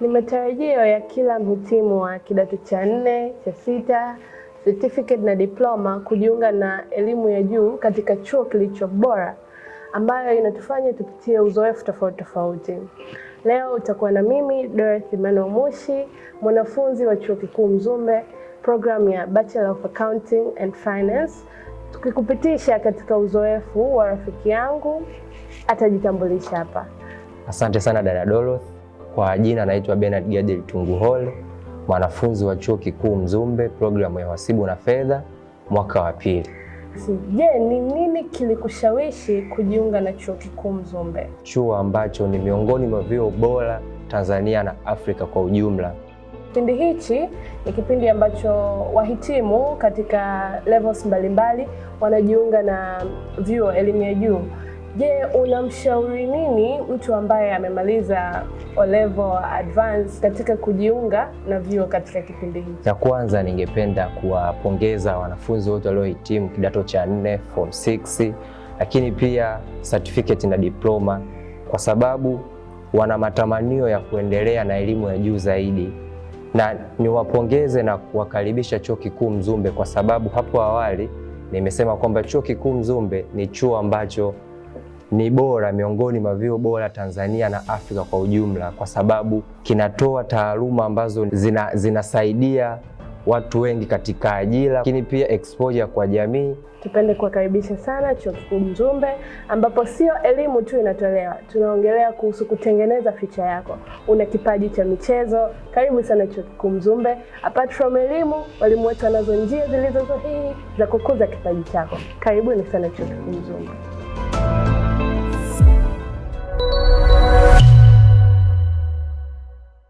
Ni matarajio ya kila mhitimu wa kidato cha nne, cha sita, certificate na diploma kujiunga na elimu ya juu katika chuo kilicho bora ambayo inatufanya tupitie uzoefu tofauti tofauti. Leo utakuwa na mimi Dorothy Mano Mushi, mwanafunzi wa Chuo Kikuu Mzumbe, programu ya Bachelor of Accounting and Finance, tukikupitisha katika uzoefu wa rafiki yangu, atajitambulisha hapa. Asante sana dada Dorothy. Kwa jina anaitwa Bernard Gadel Tunguhole, mwanafunzi wa chuo kikuu Mzumbe, programu ya uhasibu na fedha, mwaka wa pili. Je, ni nini kilikushawishi kujiunga na chuo kikuu Mzumbe? Chuo ambacho ni miongoni mwa vyuo bora Tanzania na Afrika kwa ujumla. Kipindi hichi ni kipindi ambacho wahitimu katika levels mbalimbali wanajiunga na vyuo elimu ya juu. Je, unamshauri nini mtu ambaye amemaliza O level advanced katika kujiunga na vyuo katika kipindi hiki? Cha kwanza, ningependa kuwapongeza wanafunzi wote waliohitimu kidato cha nne form 6, lakini pia certificate na diploma, kwa sababu wana matamanio ya kuendelea na elimu ya juu zaidi, na niwapongeze na kuwakaribisha Chuo Kikuu Mzumbe, kwa sababu hapo awali nimesema kwamba Chuo Kikuu Mzumbe ni chuo ambacho ni bora miongoni mwa vyuo bora Tanzania na Afrika kwa ujumla, kwa sababu kinatoa taaluma ambazo zina, zinasaidia watu wengi katika ajira, lakini pia exposure kwa jamii. Tupende kuwakaribisha sana Chuo Kikuu Mzumbe, ambapo sio elimu tu inatolewa, tunaongelea kuhusu kutengeneza ficha yako. Una kipaji cha michezo? Karibu sana Chuo Kikuu Mzumbe. Apart from elimu, walimu wetu wanazo njia zilizo sahihi za kukuza kipaji chako. Karibuni sana Chuo Kikuu Mzumbe.